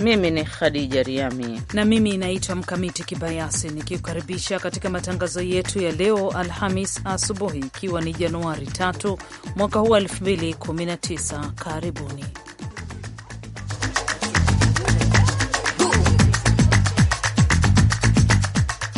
Mimi ni Khadija Riami na mimi naitwa Mkamiti Kibayasi, nikiukaribisha katika matangazo yetu ya leo Alhamis asubuhi, ikiwa ni Januari 3 mwaka huu 2019. Karibuni.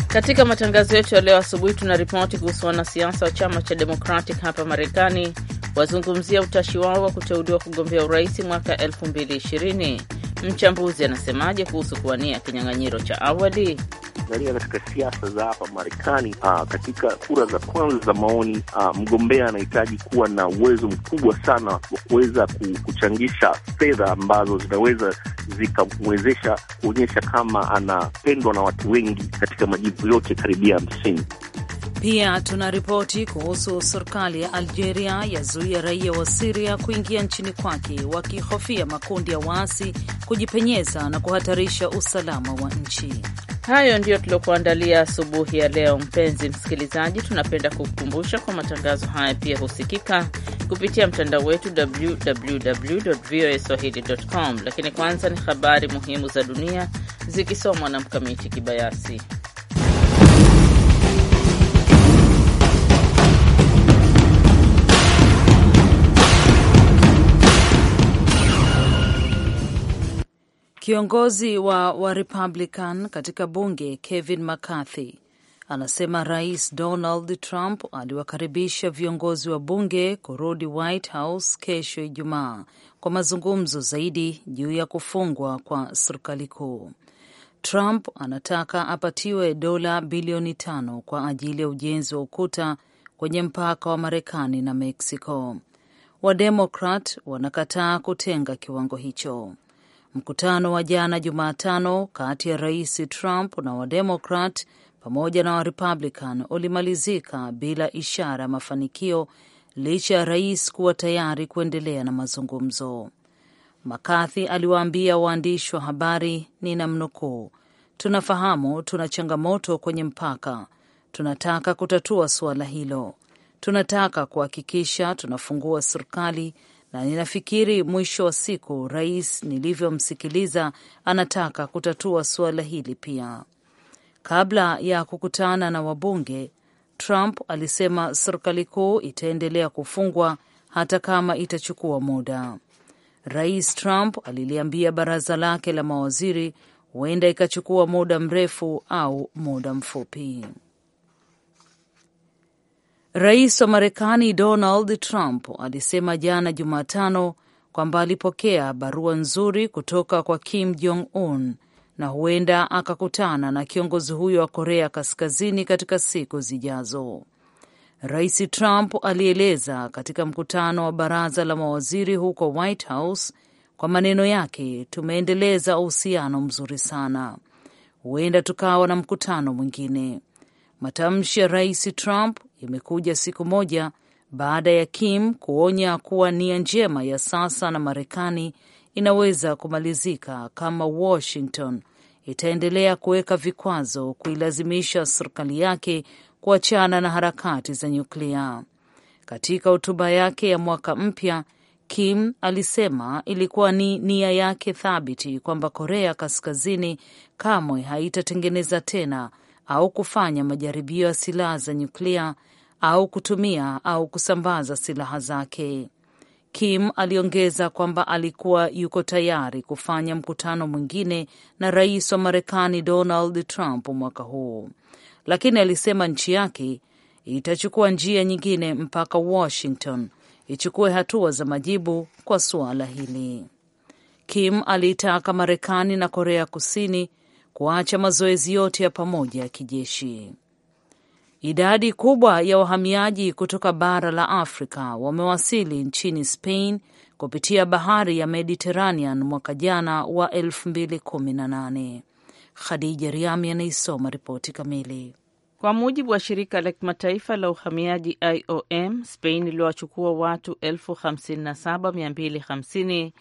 Katika matangazo yetu ya leo asubuhi tuna ripoti kuhusu wanasiasa wa chama cha Democratic hapa Marekani wazungumzia utashi wao wa kuteuliwa kugombea urais mwaka 2020. Mchambuzi anasemaje kuhusu kuwania kinyang'anyiro cha awali? Angalia katika siasa za hapa Marekani, ah, katika kura za kwanza za maoni, ah, mgombea anahitaji kuwa na uwezo mkubwa sana wa kuweza kuchangisha fedha ambazo zinaweza zikamwezesha kuonyesha kama anapendwa na watu wengi katika majimbo yote karibia hamsini. Pia tuna ripoti kuhusu serikali ya Algeria yazuia raia wa Siria kuingia nchini kwake wakihofia makundi ya waasi kujipenyeza na kuhatarisha usalama wa nchi. Hayo ndiyo tuliokuandalia asubuhi ya leo. Mpenzi msikilizaji, tunapenda kukukumbusha kwa matangazo haya pia husikika kupitia mtandao wetu www voa swahili.com. Lakini kwanza ni habari muhimu za dunia zikisomwa na Mkamiti Kibayasi. Kiongozi wa wa Republican katika bunge Kevin McCarthy anasema Rais Donald Trump aliwakaribisha viongozi wa bunge kurudi White House kesho Ijumaa kwa mazungumzo zaidi juu ya kufungwa kwa serikali kuu. Trump anataka apatiwe dola bilioni tano kwa ajili ya ujenzi wa ukuta kwenye mpaka wa Marekani na Mexico. Wademokrat wanakataa kutenga kiwango hicho. Mkutano wa jana Jumatano kati ya Rais Trump na Wademokrat pamoja na Warepublican ulimalizika bila ishara ya mafanikio licha ya rais kuwa tayari kuendelea na mazungumzo. McCarthy aliwaambia waandishi wa habari, namnukuu tunafahamu tuna changamoto kwenye mpaka, tunataka kutatua suala hilo, tunataka kuhakikisha tunafungua serikali na ninafikiri mwisho wa siku rais, nilivyomsikiliza, anataka kutatua suala hili pia. Kabla ya kukutana na wabunge, Trump alisema serikali kuu itaendelea kufungwa hata kama itachukua muda. Rais Trump aliliambia baraza lake la mawaziri huenda ikachukua muda mrefu au muda mfupi. Rais wa Marekani Donald Trump alisema jana Jumatano kwamba alipokea barua nzuri kutoka kwa Kim Jong Un na huenda akakutana na kiongozi huyo wa Korea Kaskazini katika siku zijazo. Rais Trump alieleza katika mkutano wa baraza la mawaziri huko White House, kwa maneno yake, tumeendeleza uhusiano mzuri sana, huenda tukawa na mkutano mwingine. Matamshi ya Rais Trump imekuja siku moja baada ya Kim kuonya kuwa nia njema ya sasa na Marekani inaweza kumalizika kama Washington itaendelea kuweka vikwazo kuilazimisha serikali yake kuachana na harakati za nyuklia. Katika hotuba yake ya mwaka mpya, Kim alisema ilikuwa ni nia yake thabiti kwamba Korea Kaskazini kamwe haitatengeneza tena au kufanya majaribio ya silaha za nyuklia au kutumia au kusambaza silaha zake. Kim aliongeza kwamba alikuwa yuko tayari kufanya mkutano mwingine na rais wa Marekani Donald Trump mwaka huu, lakini alisema nchi yake itachukua njia nyingine mpaka Washington ichukue hatua za majibu kwa suala hili. Kim aliitaka Marekani na Korea Kusini kuacha mazoezi yote ya pamoja ya kijeshi. Idadi kubwa ya wahamiaji kutoka bara la Afrika wamewasili nchini Spain kupitia bahari ya Mediterranean mwaka jana wa 2018. Khadija Riami anaisoma ripoti kamili. Kwa mujibu wa shirika la kimataifa la uhamiaji IOM, Spain iliwachukua watu 57250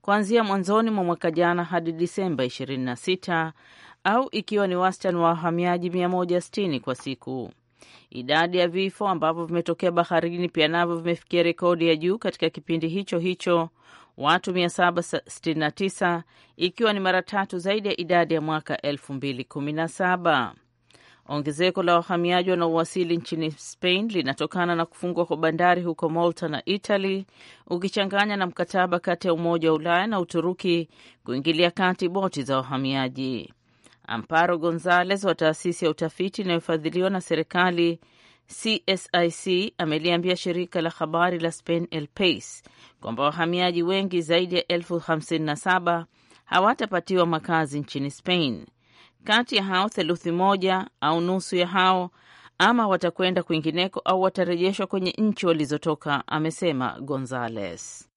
kuanzia mwanzoni mwa mwaka jana hadi Disemba 26 au ikiwa ni wastani wa wahamiaji 160 kwa siku. Idadi ya vifo ambavyo vimetokea baharini pia navyo vimefikia rekodi ya juu katika kipindi hicho hicho, watu 769 ikiwa ni mara tatu zaidi ya idadi ya mwaka 2017. Ongezeko la wahamiaji wanaowasili nchini Spain linatokana na kufungwa kwa bandari huko Malta na Italy, ukichanganya na mkataba kati ya Umoja wa Ulaya na Uturuki kuingilia kati boti za wahamiaji. Amparo Gonzales wa taasisi ya utafiti inayofadhiliwa na serikali CSIC ameliambia shirika la habari la Spain El Pais kwamba wahamiaji wengi zaidi ya elfu hawatapatiwa makazi nchini Spain. Kati ya hao theluthi moja au nusu ya hao ama watakwenda kwingineko au watarejeshwa kwenye nchi walizotoka, amesema Gonzales.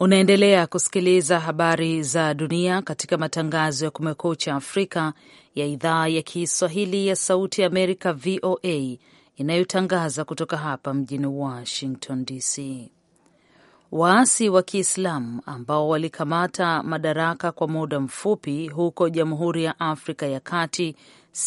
Unaendelea kusikiliza habari za dunia katika matangazo ya Kumekucha Afrika ya idhaa ya Kiswahili ya Sauti ya Amerika, VOA, inayotangaza kutoka hapa mjini Washington DC. Waasi wa Kiislamu ambao walikamata madaraka kwa muda mfupi huko Jamhuri ya Afrika ya Kati,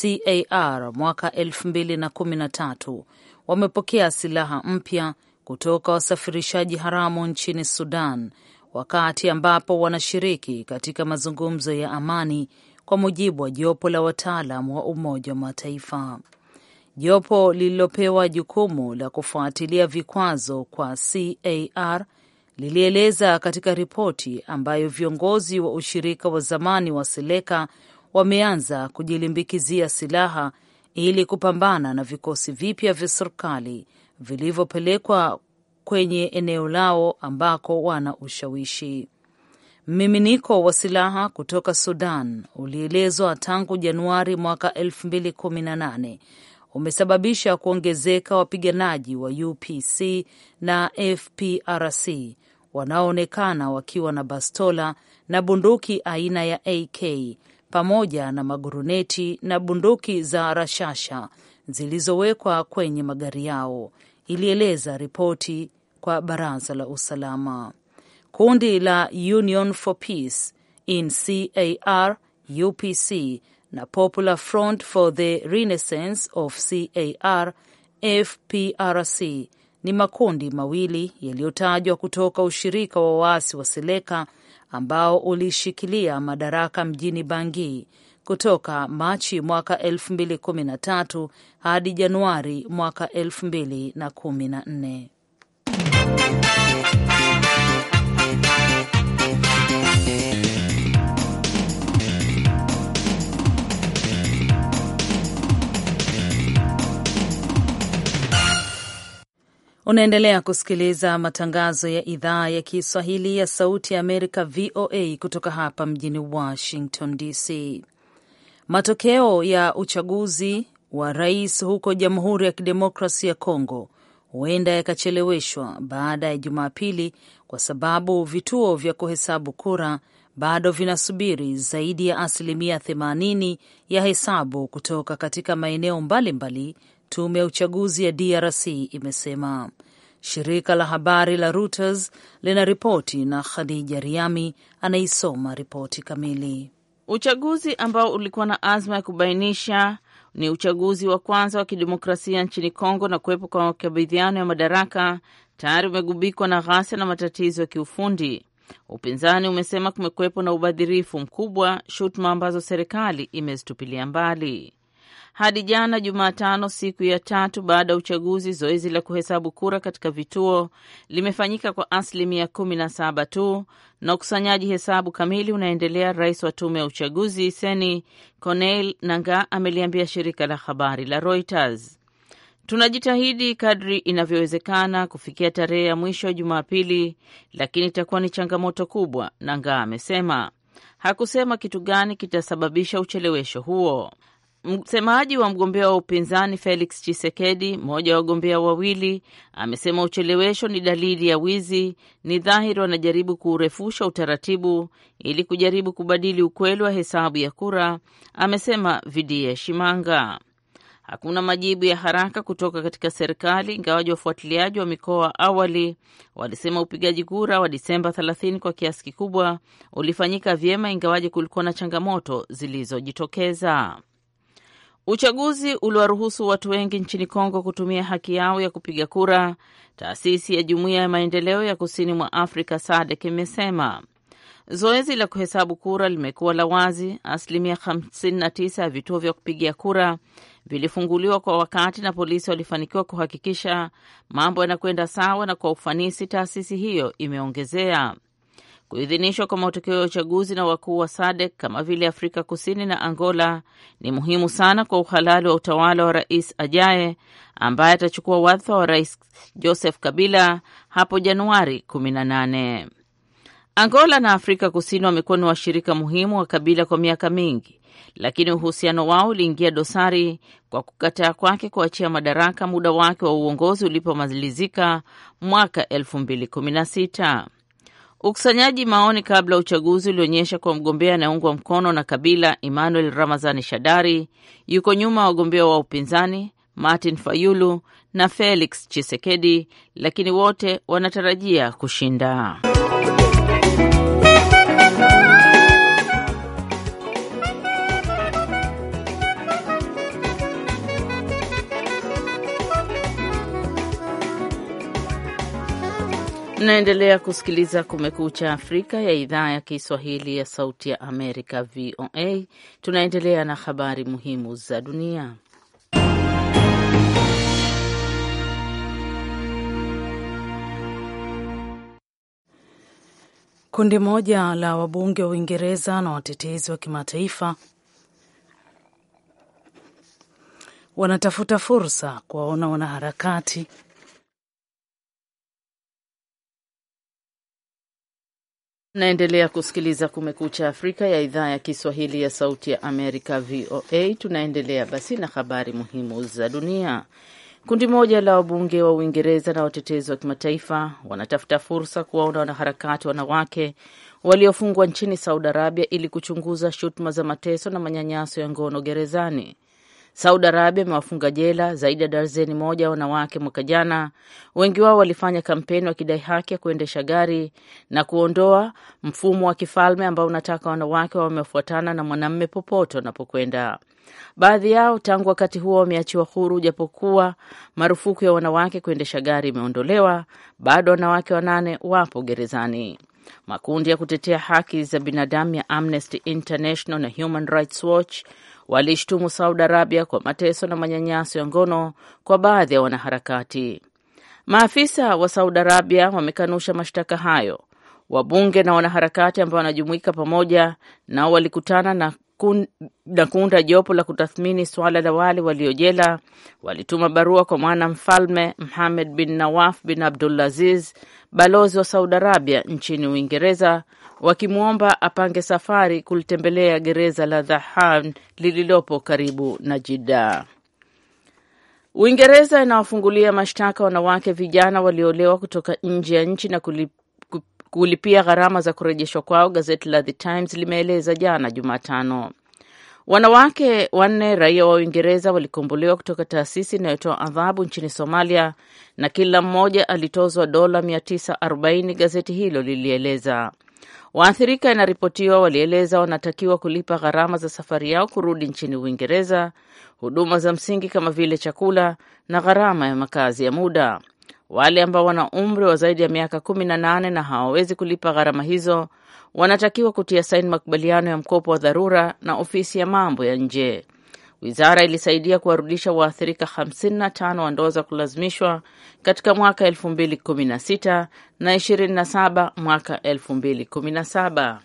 CAR, mwaka 2013 wamepokea silaha mpya kutoka wasafirishaji haramu nchini Sudan wakati ambapo wanashiriki katika mazungumzo ya amani kwa mujibu wa jopo la wataalam wa Umoja wa Mataifa. Jopo lililopewa jukumu la kufuatilia vikwazo kwa CAR lilieleza katika ripoti ambayo viongozi wa ushirika wa zamani wa Seleka wameanza kujilimbikizia silaha ili kupambana na vikosi vipya vya serikali vilivyopelekwa kwenye eneo lao ambako wana ushawishi. Mmiminiko wa silaha kutoka Sudan ulielezwa tangu Januari mwaka 2018 umesababisha kuongezeka wapiganaji wa UPC na FPRC wanaoonekana wakiwa na bastola na bunduki aina ya AK pamoja na maguruneti na bunduki za rashasha zilizowekwa kwenye magari yao, ilieleza ripoti kwa baraza la usalama. Kundi la Union for Peace in CAR UPC na Popular Front for the Renaissance of CAR FPRC ni makundi mawili yaliyotajwa kutoka ushirika wa waasi wa Seleka ambao ulishikilia madaraka mjini Bangi kutoka Machi mwaka 2013 hadi Januari mwaka 2014. Unaendelea kusikiliza matangazo ya idhaa ya Kiswahili ya Sauti ya Amerika, VOA, kutoka hapa mjini Washington DC. Matokeo ya uchaguzi wa rais huko Jamhuri ya Kidemokrasi ya congo huenda yakacheleweshwa baada ya Jumapili kwa sababu vituo vya kuhesabu kura bado vinasubiri zaidi ya asilimia 80 ya hesabu kutoka katika maeneo mbalimbali tume ya uchaguzi ya DRC imesema. Shirika la habari la Reuters lina ripoti na Khadija Riami anaisoma ripoti kamili. Uchaguzi ambao ulikuwa na azma ya kubainisha ni uchaguzi wa kwanza wa kidemokrasia nchini Kongo na kuwepo kwa makabidhiano ya madaraka tayari umegubikwa na ghasia na matatizo ya kiufundi. Upinzani umesema kumekuwepo na ubadhirifu mkubwa, shutuma ambazo serikali imezitupilia mbali hadi jana Jumatano, siku ya tatu baada ya uchaguzi. Zoezi la kuhesabu kura katika vituo limefanyika kwa asilimia kumi na saba tu na ukusanyaji hesabu kamili unaendelea. Rais wa tume ya uchaguzi Seni Corneille Nangaa ameliambia shirika la habari la Reuters, tunajitahidi kadri inavyowezekana kufikia tarehe ya mwisho Jumapili, lakini itakuwa ni changamoto kubwa, Nangaa amesema. Hakusema kitu gani kitasababisha uchelewesho huo. Msemaji wa mgombea wa upinzani Felix Chisekedi, mmoja wa wagombea wawili, amesema uchelewesho ni dalili ya wizi. Ni dhahiri wanajaribu kuurefusha utaratibu ili kujaribu kubadili ukweli wa hesabu ya kura, amesema Vidie Shimanga. Hakuna majibu ya haraka kutoka katika serikali, ingawaji wafuatiliaji wa mikoa awali walisema upigaji kura wa Disemba 30 kwa kiasi kikubwa ulifanyika vyema, ingawaji kulikuwa na changamoto zilizojitokeza. Uchaguzi uliwaruhusu watu wengi nchini Kongo kutumia haki yao ya kupiga kura, taasisi ya Jumuiya ya Maendeleo ya Kusini mwa Afrika SADC imesema. Zoezi la kuhesabu kura limekuwa la wazi. Asilimia 59 ya vituo vya kupigia kura vilifunguliwa kwa wakati na polisi walifanikiwa kuhakikisha mambo yanakwenda sawa na kwa ufanisi, taasisi hiyo imeongezea. Kuidhinishwa kwa matokeo ya uchaguzi na wakuu wa SADC kama vile Afrika Kusini na Angola ni muhimu sana kwa uhalali wa utawala wa rais ajaye ambaye atachukua wadhifa wa rais Joseph Kabila hapo Januari 18. Angola na Afrika Kusini wamekuwa ni washirika muhimu wa Kabila kwa miaka mingi, lakini uhusiano wao uliingia dosari kwa kukataa kwake kuachia madaraka muda wake wa uongozi ulipomalizika mwaka 2016. Ukusanyaji maoni kabla ya uchaguzi ulionyesha kuwa mgombea anayeungwa mkono na Kabila, Emmanuel Ramazani Shadari, yuko nyuma ya wagombea wa upinzani Martin Fayulu na Felix Chisekedi, lakini wote wanatarajia kushinda. Mnaendelea kusikiliza Kumekucha Afrika ya idhaa ya Kiswahili ya Sauti ya Amerika, VOA. Tunaendelea na habari muhimu za dunia. Kundi moja la wabunge wa Uingereza na watetezi wa kimataifa wanatafuta fursa kuwaona wanaharakati Naendelea kusikiliza Kumekucha Afrika ya idhaa ya Kiswahili ya Sauti ya Amerika, VOA. Tunaendelea basi na habari muhimu za dunia. Kundi moja la wabunge wa Uingereza na watetezi wa kimataifa wanatafuta fursa kuwaona wanaharakati wanawake waliofungwa nchini Saudi Arabia ili kuchunguza shutuma za mateso na manyanyaso ya ngono gerezani Saudi Arabia imewafunga jela zaidi ya darzeni moja wanawake mwaka jana. Wengi wao walifanya kampeni wakidai haki ya kuendesha gari na kuondoa mfumo wa kifalme ambao unataka wanawake wamefuatana na mwanamme popote wanapokwenda. Baadhi yao tangu wakati huo wameachiwa huru, japokuwa marufuku ya wanawake kuendesha gari imeondolewa. Bado wanawake wanane wapo gerezani. Makundi ya kutetea haki za binadamu ya Amnesty International na Human Rights Watch walishtumu Saudi Arabia kwa mateso na manyanyaso ya ngono kwa baadhi ya wanaharakati. Maafisa wa Saudi Arabia wamekanusha mashtaka hayo. Wabunge na wanaharakati ambao wanajumuika pamoja nao walikutana na na kuunda jopo la kutathmini suala la wale waliojela. Walituma barua kwa mwana mfalme Mohammed bin Nawaf bin Abdulaziz, balozi wa Saudi Arabia nchini Uingereza, wakimwomba apange safari kulitembelea gereza la Dhahan lililopo karibu na jida Uingereza inawafungulia mashtaka wanawake vijana walioolewa kutoka nje ya nchi na kulip, kulipia gharama za kurejeshwa kwao, gazeti la The Times limeeleza jana Jumatano. Wanawake wanne raia wa Uingereza walikombolewa kutoka taasisi inayotoa adhabu nchini Somalia na kila mmoja alitozwa dola 940, gazeti hilo lilieleza. Waathirika inaripotiwa walieleza wanatakiwa kulipa gharama za safari yao kurudi nchini Uingereza, huduma za msingi kama vile chakula na gharama ya makazi ya muda. Wale ambao wana umri wa zaidi ya miaka kumi na nane na hawawezi kulipa gharama hizo wanatakiwa kutia saini makubaliano ya mkopo wa dharura na ofisi ya mambo ya nje. Wizara ilisaidia kuwarudisha waathirika 55 wa ndoa za kulazimishwa katika mwaka 2016 na 27 mwaka 2017.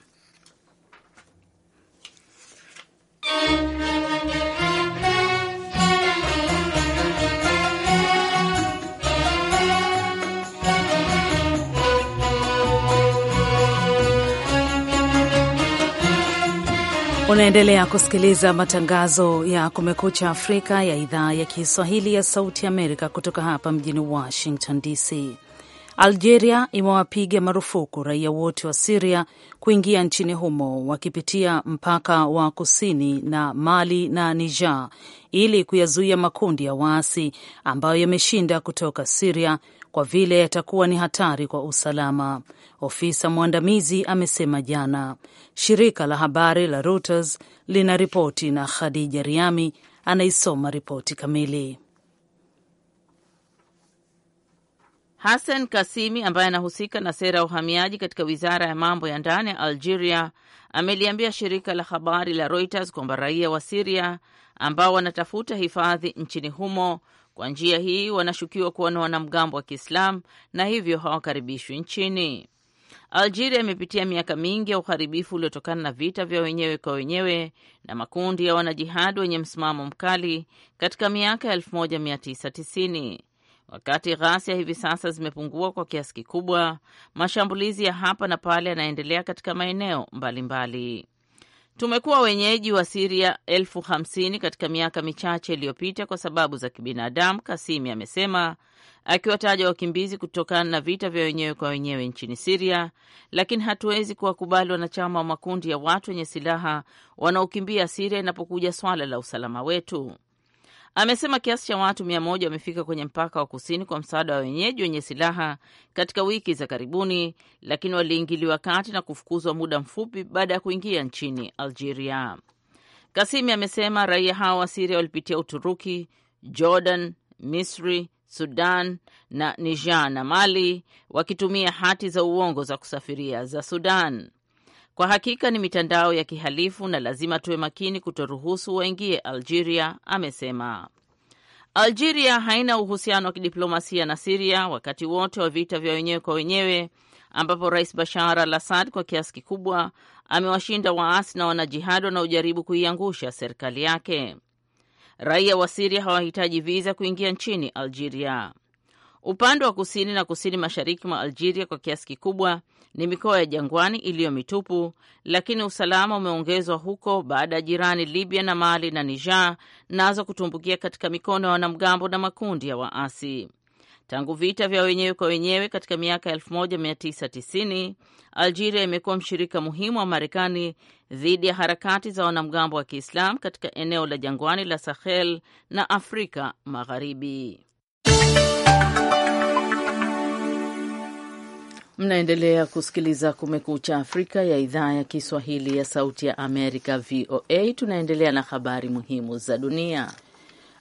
Unaendelea kusikiliza matangazo ya Kumekucha Afrika ya idhaa ya Kiswahili ya Sauti Amerika kutoka hapa mjini Washington DC. Algeria imewapiga marufuku raia wote wa Siria kuingia nchini humo wakipitia mpaka wa kusini na Mali na Niger ili kuyazuia makundi ya waasi ambayo yameshinda kutoka Siria kwa vile yatakuwa ni hatari kwa usalama, ofisa mwandamizi amesema jana. Shirika la habari la Reuters lina ripoti na Khadija Riami anaisoma ripoti kamili. Hassan Kasimi ambaye anahusika na sera ya uhamiaji katika wizara ya mambo ya ndani ya Algeria ameliambia shirika la habari la Reuters kwamba raia wa Siria ambao wanatafuta hifadhi nchini humo kwa njia hii wanashukiwa kuwa na wanamgambo wa Kiislamu na hivyo hawakaribishwi nchini. Algeria imepitia miaka mingi ya uharibifu uliotokana na vita vya wenyewe kwa wenyewe na makundi ya wanajihadi wenye msimamo mkali katika miaka ya 1990. Wakati ghasia hivi sasa zimepungua kwa kiasi kikubwa, mashambulizi ya hapa na pale yanaendelea katika maeneo mbalimbali. Tumekuwa wenyeji wa Siria elfu hamsini katika miaka michache iliyopita kwa sababu za kibinadamu, Kasimi amesema akiwataja wakimbizi kutokana na vita vya wenyewe kwa wenyewe nchini Siria, lakini hatuwezi kuwakubali wanachama wa makundi ya watu wenye silaha wanaokimbia Siria inapokuja swala la usalama wetu. Amesema kiasi cha watu mia moja wamefika kwenye mpaka wa kusini kwa msaada wa wenyeji wenye silaha katika wiki za karibuni, lakini waliingiliwa kati na kufukuzwa muda mfupi baada ya kuingia nchini Algeria. Kasimi amesema raia hao wa Siria walipitia Uturuki, Jordan, Misri, Sudan na Niger na Mali wakitumia hati za uongo za kusafiria za Sudan. Kwa hakika ni mitandao ya kihalifu na lazima tuwe makini kutoruhusu waingie Algeria, amesema. Algeria haina uhusiano wa kidiplomasia na Siria wakati wote wa vita vya wenyewe kwa wenyewe ambapo Rais Bashar al Assad kwa kiasi kikubwa amewashinda waasi na wanajihadi wanaojaribu kuiangusha serikali yake. Raia wa Siria hawahitaji viza kuingia nchini Algeria. Upande wa kusini na kusini mashariki mwa Algeria kwa kiasi kikubwa ni mikoa ya jangwani iliyo mitupu, lakini usalama umeongezwa huko baada ya jirani Libya na Mali na Niger nazo kutumbukia katika mikono ya wanamgambo na makundi ya waasi. Tangu vita vya wenyewe kwa wenyewe katika miaka 1990 Algeria imekuwa mshirika muhimu wa Marekani dhidi ya harakati za wanamgambo wa Kiislamu katika eneo la jangwani la Sahel na Afrika Magharibi. Mnaendelea kusikiliza Kumekucha Afrika ya idhaa ya Kiswahili ya Sauti ya Amerika, VOA. Tunaendelea na habari muhimu za dunia.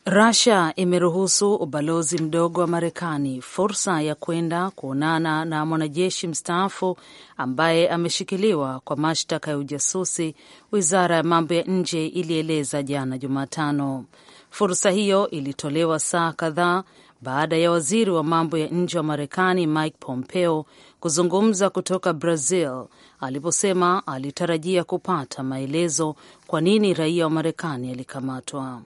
rasia imeruhusu ubalozi mdogo wa Marekani fursa ya kwenda kuonana na mwanajeshi mstaafu ambaye ameshikiliwa kwa mashtaka ya ujasusi, wizara ya mambo ya nje ilieleza jana Jumatano. Fursa hiyo ilitolewa saa kadhaa baada ya waziri wa mambo ya nje wa Marekani Mike Pompeo kuzungumza kutoka Brazil aliposema alitarajia kupata maelezo kwa nini raia wa Marekani alikamatwa.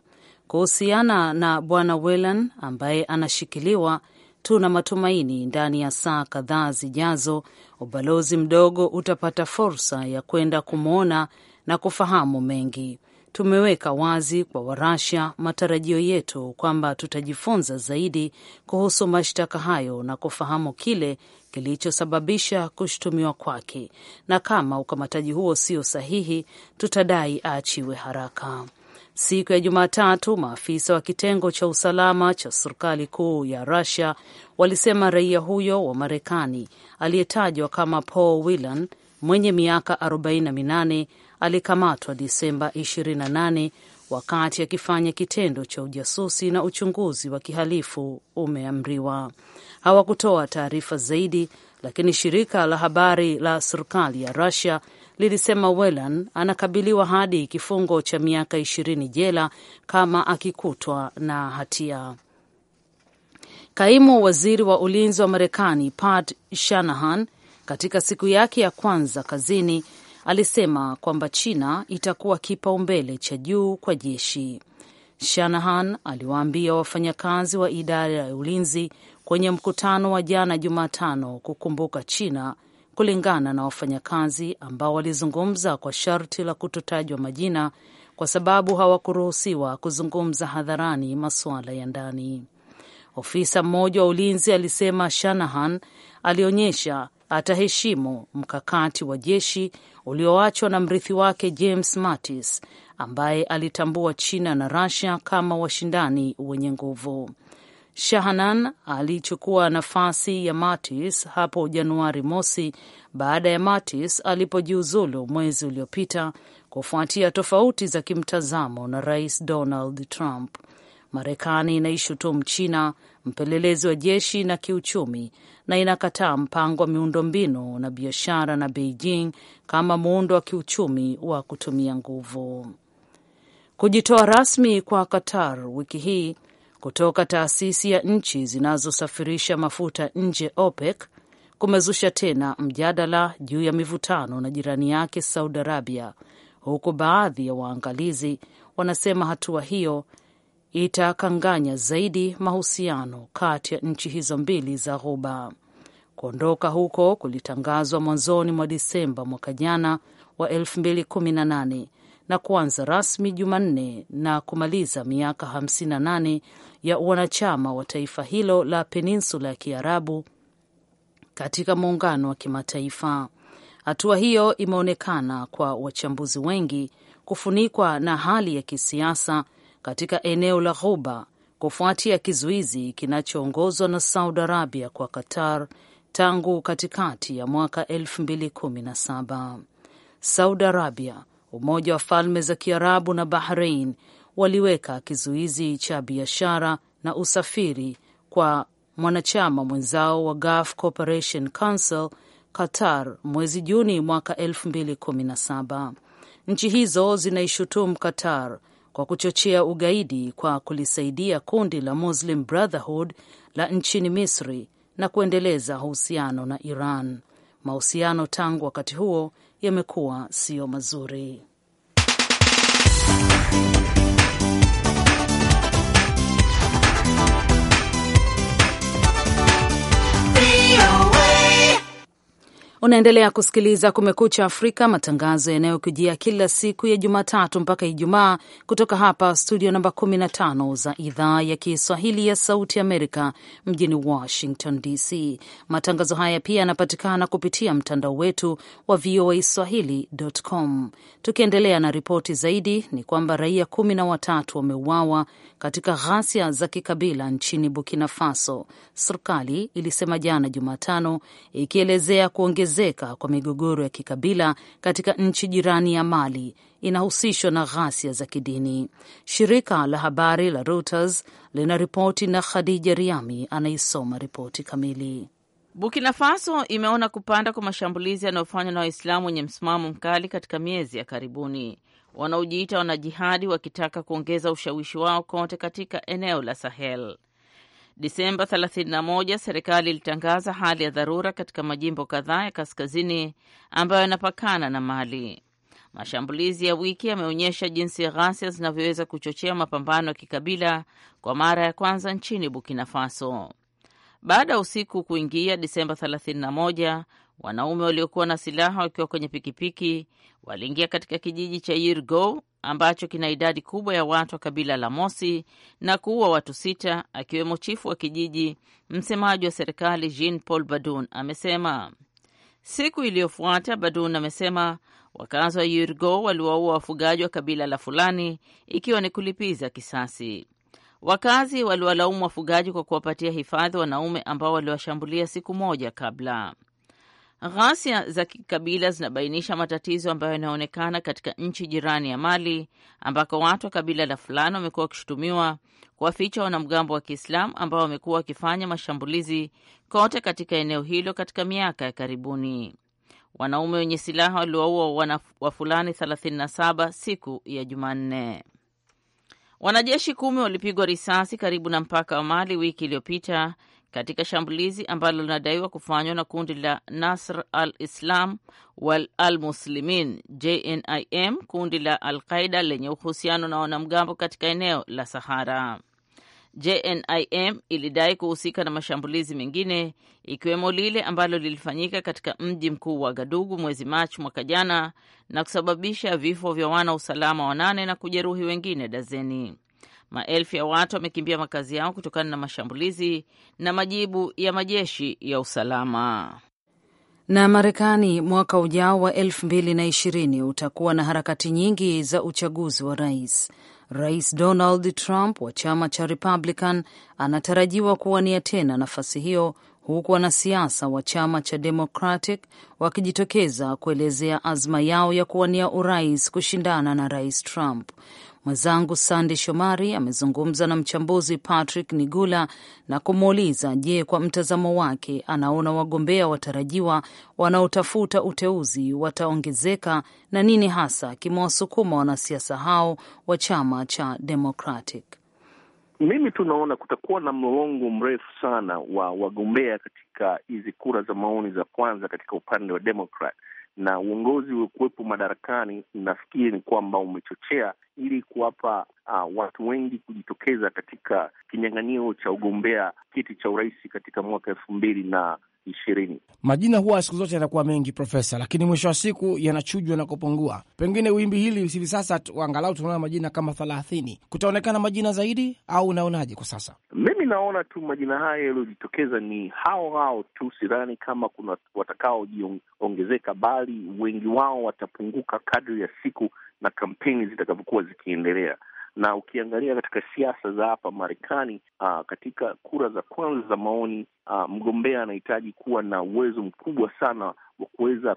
Kuhusiana na bwana Whelan ambaye anashikiliwa, tuna matumaini ndani ya saa kadhaa zijazo ubalozi mdogo utapata fursa ya kwenda kumwona na kufahamu mengi tumeweka wazi kwa Warasia matarajio yetu kwamba tutajifunza zaidi kuhusu mashtaka hayo na kufahamu kile kilichosababisha kushutumiwa kwake, na kama ukamataji huo sio sahihi, tutadai aachiwe haraka. Siku ya Jumatatu, maafisa wa kitengo cha usalama cha serikali kuu ya Rusia walisema raia huyo wa Marekani aliyetajwa kama Paul Whelan mwenye miaka alikamatwa Disemba 28 wakati akifanya kitendo cha ujasusi na uchunguzi wa kihalifu umeamriwa. Hawakutoa taarifa zaidi, lakini shirika la habari la serikali ya Russia lilisema Whelan anakabiliwa hadi kifungo cha miaka ishirini jela kama akikutwa na hatia. Kaimu waziri wa ulinzi wa Marekani Pat Shanahan katika siku yake ya kwanza kazini alisema kwamba China itakuwa kipaumbele cha juu kwa jeshi. Shanahan aliwaambia wafanyakazi wa idara ya ulinzi kwenye mkutano wa jana Jumatano kukumbuka China, kulingana na wafanyakazi ambao walizungumza kwa sharti la kutotajwa majina kwa sababu hawakuruhusiwa kuzungumza hadharani masuala ya ndani. Ofisa mmoja wa ulinzi alisema Shanahan alionyesha ataheshimu mkakati wa jeshi ulioachwa na mrithi wake James Mattis ambaye alitambua China na Russia kama washindani wenye nguvu. Shahnan alichukua nafasi ya Mattis hapo Januari mosi baada ya Mattis alipojiuzulu mwezi uliopita kufuatia tofauti za kimtazamo na Rais Donald Trump. Marekani inaishutumu China mpelelezi wa jeshi na kiuchumi, na inakataa mpango wa miundombinu na biashara na Beijing kama muundo wa kiuchumi wa kutumia nguvu. Kujitoa rasmi kwa Qatar wiki hii kutoka taasisi ya nchi zinazosafirisha mafuta nje OPEC kumezusha tena mjadala juu ya mivutano na jirani yake Saudi Arabia, huku baadhi ya waangalizi wanasema hatua hiyo itakanganya zaidi mahusiano kati ya nchi hizo mbili za Ghuba. Kuondoka huko kulitangazwa mwanzoni mwa Disemba mwaka jana wa 2018 na kuanza rasmi Jumanne na kumaliza miaka 58 ya wanachama wa taifa hilo la peninsula ya Kiarabu katika muungano wa kimataifa. Hatua hiyo imeonekana kwa wachambuzi wengi kufunikwa na hali ya kisiasa katika eneo la Ghuba kufuatia kizuizi kinachoongozwa na Saudi Arabia kwa Qatar tangu katikati ya mwaka 2017. Saudi Arabia, Umoja wa Falme za Kiarabu na Bahrain waliweka kizuizi cha biashara na usafiri kwa mwanachama mwenzao wa Gulf Cooperation Council Qatar mwezi Juni mwaka 2017. Nchi hizo zinaishutumu Qatar kwa kuchochea ugaidi kwa kulisaidia kundi la Muslim Brotherhood la nchini Misri na kuendeleza uhusiano na Iran. Mahusiano tangu wakati huo yamekuwa siyo mazuri. Unaendelea kusikiliza Kumekucha Afrika, matangazo yanayokujia kila siku ya Jumatatu mpaka Ijumaa kutoka hapa studio namba 15 za idhaa ya Kiswahili ya Sauti Amerika mjini Washington DC. Matangazo haya pia yanapatikana kupitia mtandao wetu wa VOA Swahili.com. Tukiendelea na ripoti zaidi, ni kwamba raia kumi na watatu wameuawa katika ghasia za kikabila nchini Burkina Faso, serikali ilisema jana Jumatano, ikielezea kuongeza kuongezeka kwa migogoro ya kikabila katika nchi jirani ya Mali inahusishwa na ghasia za kidini. Shirika la habari la Reuters lina ripoti na Khadija Riami anaisoma ripoti kamili. Burkina Faso imeona kupanda kwa mashambulizi yanayofanywa na Waislamu wenye msimamo mkali katika miezi ya karibuni, wanaojiita wanajihadi wakitaka kuongeza ushawishi wao kote katika eneo la Sahel. Disemba 31 serikali ilitangaza hali ya dharura katika majimbo kadhaa ya kaskazini ambayo yanapakana na Mali. Mashambulizi ya wiki yameonyesha jinsi ghasia zinavyoweza kuchochea mapambano ya kikabila kwa mara ya kwanza nchini Burkina Faso. Baada ya usiku kuingia Disemba 31, wanaume waliokuwa na silaha wakiwa kwenye pikipiki waliingia katika kijiji cha Yirgo ambacho kina idadi kubwa ya watu wa kabila la Mosi na kuua watu sita akiwemo chifu wa kijiji. Msemaji wa serikali Jean Paul Badun amesema siku iliyofuata. Badun amesema wakazi wa Yurgo waliwaua wafugaji wa kabila la Fulani ikiwa ni kulipiza kisasi. Wakazi waliwalaumu wafugaji kwa kuwapatia hifadhi wanaume ambao waliwashambulia siku moja kabla. Ghasia za kikabila zinabainisha matatizo ambayo yanaonekana katika nchi jirani ya Mali ambako watu wa kabila la fulani wamekuwa wakishutumiwa kuwaficha wanamgambo wa Kiislamu ambao wamekuwa wakifanya mashambulizi kote katika eneo hilo katika miaka ya karibuni. Wanaume wenye silaha waliwaua wa fulani 37 siku ya Jumanne. Wanajeshi kumi walipigwa risasi karibu na mpaka wa Mali wiki iliyopita katika shambulizi ambalo linadaiwa kufanywa na kundi la Nasr al-Islam wal al-Muslimin JNIM, kundi la Al-Qaida lenye uhusiano na wanamgambo katika eneo la Sahara. JNIM ilidai kuhusika na mashambulizi mengine ikiwemo lile ambalo lilifanyika katika mji mkuu wa Gadugu mwezi Machi mwaka jana na kusababisha vifo vya wana usalama wanane na kujeruhi wengine dazeni. Maelfu ya watu wamekimbia makazi yao kutokana na mashambulizi na majibu ya majeshi ya usalama. Na Marekani, mwaka ujao wa ishirini utakuwa na harakati nyingi za uchaguzi wa rais. Rais Donald Trump wa chama cha Republican anatarajiwa kuwania tena nafasi hiyo huku wanasiasa wa chama cha Democratic wakijitokeza kuelezea azma yao ya kuwania urais kushindana na Rais Trump. Mwenzangu Sandi Shomari amezungumza na mchambuzi Patrick Nigula na kumuuliza, je, kwa mtazamo wake anaona wagombea watarajiwa wanaotafuta uteuzi wataongezeka na nini hasa kimewasukuma wanasiasa hao wa chama cha Democratic. Mimi tunaona kutakuwa na mlongo mrefu sana wa wagombea katika hizi kura za maoni za kwanza katika upande wa Democrat na uongozi uliokuwepo madarakani nafikiri ni kwamba umechochea ili kuwapa uh, watu wengi kujitokeza katika kinyang'anio cha ugombea kiti cha urais katika mwaka elfu mbili na ishirini. Majina huwa siku zote yanakuwa mengi Profesa, lakini mwisho wa siku yanachujwa na kupungua. Pengine wimbi hili hivi sasa angalau tunaona majina kama thelathini, kutaonekana majina zaidi au unaonaje kwa sasa? Mimi naona tu majina haya yaliyojitokeza ni hao hao tu, sidhani kama kuna watakaojiongezeka, bali wengi wao watapunguka kadri ya siku na kampeni zitakavyokuwa zikiendelea na ukiangalia katika siasa za hapa Marekani, ah, katika kura za kwanza za maoni, aa, ah, mgombea anahitaji kuwa na uwezo mkubwa sana wa kuweza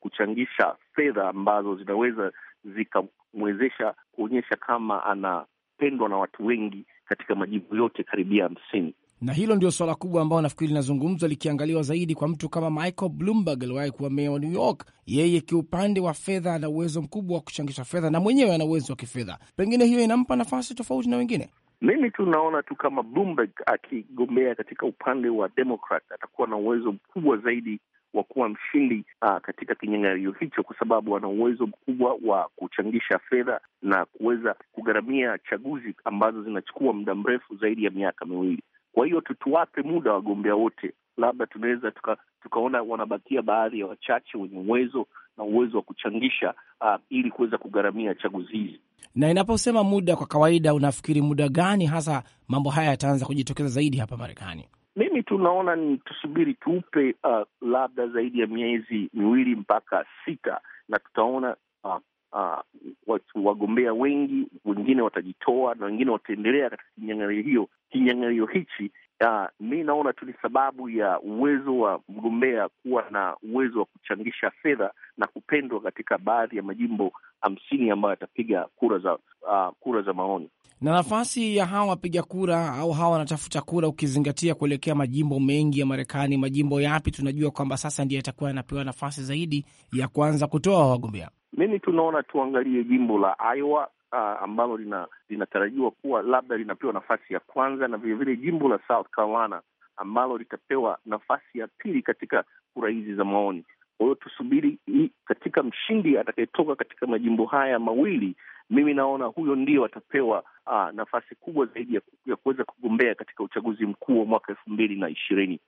kuchangisha fedha ambazo zinaweza zikamwezesha kuonyesha kama anapendwa na watu wengi katika majimbo yote karibia hamsini na hilo ndio suala kubwa ambao nafikiri linazungumzwa likiangaliwa zaidi kwa mtu kama Michael Bloomberg aliwahi kuwa meya wa New York. Yeye kiupande wa fedha ana uwezo mkubwa wa kuchangisha fedha na mwenyewe ana uwezo wa kifedha, pengine hiyo inampa nafasi tofauti na wengine. Mimi tunaona tu kama Bloomberg akigombea katika upande wa Democrat atakuwa na uwezo mkubwa zaidi wa kuwa mshindi uh, katika kinyang'anyiro hicho, kwa sababu ana uwezo mkubwa wa kuchangisha fedha na kuweza kugharamia chaguzi ambazo zinachukua muda mrefu zaidi ya miaka miwili. Kwa hiyo tutuwape muda wagombea wote, labda tunaweza tuka, tukaona wanabakia baadhi ya wachache wenye uwezo na uwezo wa kuchangisha uh, ili kuweza kugharamia chaguzi hizi. Na inaposema muda, kwa kawaida unafikiri muda gani hasa mambo haya yataanza kujitokeza zaidi hapa Marekani? Mimi tunaona ni tusubiri, tupe uh, labda zaidi ya miezi miwili mpaka sita, na tutaona uh, uh, watu wagombea wengi, wengine watajitoa na wengine wataendelea katika kinyangario hiyo kinyang'anyiro hichi Uh, mi naona tu ni sababu ya uwezo wa mgombea kuwa na uwezo wa kuchangisha fedha na kupendwa katika baadhi ya majimbo hamsini ambayo yatapiga kura za uh, kura za maoni na nafasi ya hawa wapiga kura au hawa wanatafuta kura, ukizingatia kuelekea majimbo mengi ya Marekani. Majimbo yapi tunajua kwamba sasa ndiyo yatakuwa yanapewa nafasi zaidi ya kuanza kutoa wagombea? Mimi tunaona tuangalie jimbo la Iowa uh, ambalo lina, linatarajiwa kuwa labda linapewa nafasi ya kwanza na vilevile jimbo la South Carolina ambalo litapewa nafasi ya pili katika kura hizi za maoni. Kwa hiyo tusubiri katika mshindi atakayetoka katika majimbo haya mawili. Mimi naona huyo ndio atapewa uh, nafasi kubwa zaidi ya, ya kuweza kugombea katika uchaguzi mkuu wa mwaka elfu mbili na ishirini.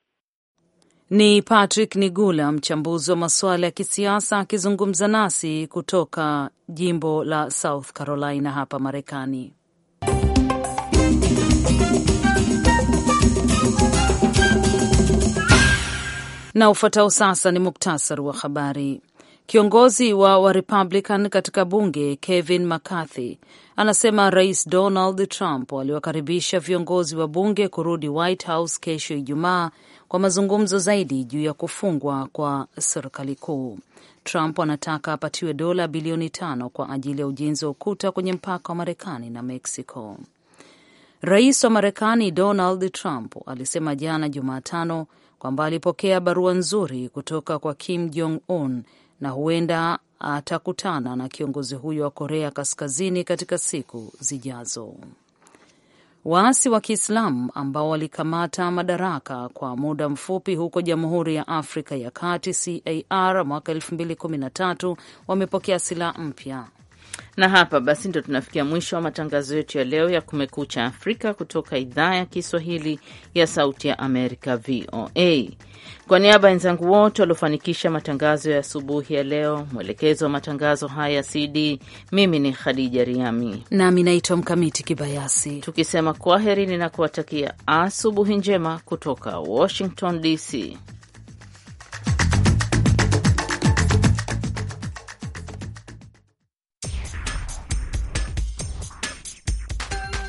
Ni Patrick Nigula, mchambuzi wa masuala ya kisiasa, akizungumza nasi kutoka jimbo la South Carolina hapa Marekani. Na ufuatao sasa ni muktasari wa habari. Kiongozi wa Warepublican katika bunge Kevin McCarthy anasema Rais Donald Trump aliwakaribisha viongozi wa bunge kurudi White House kesho Ijumaa kwa mazungumzo zaidi juu ya kufungwa kwa serikali kuu. Trump anataka apatiwe dola bilioni tano kwa ajili ya ujenzi wa ukuta kwenye mpaka wa Marekani na Mexico. Rais wa Marekani Donald Trump alisema jana Jumatano kwamba alipokea barua nzuri kutoka kwa Kim Jong Un na huenda atakutana na kiongozi huyo wa Korea Kaskazini katika siku zijazo. Waasi wa Kiislamu ambao walikamata madaraka kwa muda mfupi huko Jamhuri ya Afrika ya Kati CAR mwaka 2013 wamepokea silaha mpya. Na hapa basi ndo tunafikia mwisho wa matangazo yetu ya leo ya Kumekucha Afrika kutoka idhaa ya Kiswahili ya Sauti ya Amerika, VOA. Kwa niaba ya wenzangu wote waliofanikisha matangazo ya asubuhi ya leo, mwelekezo wa matangazo haya CD, mimi ni Khadija Riami nami naitwa Mkamiti Kibayasi, tukisema kwaheri ninakuwatakia asubuhi njema kutoka Washington DC.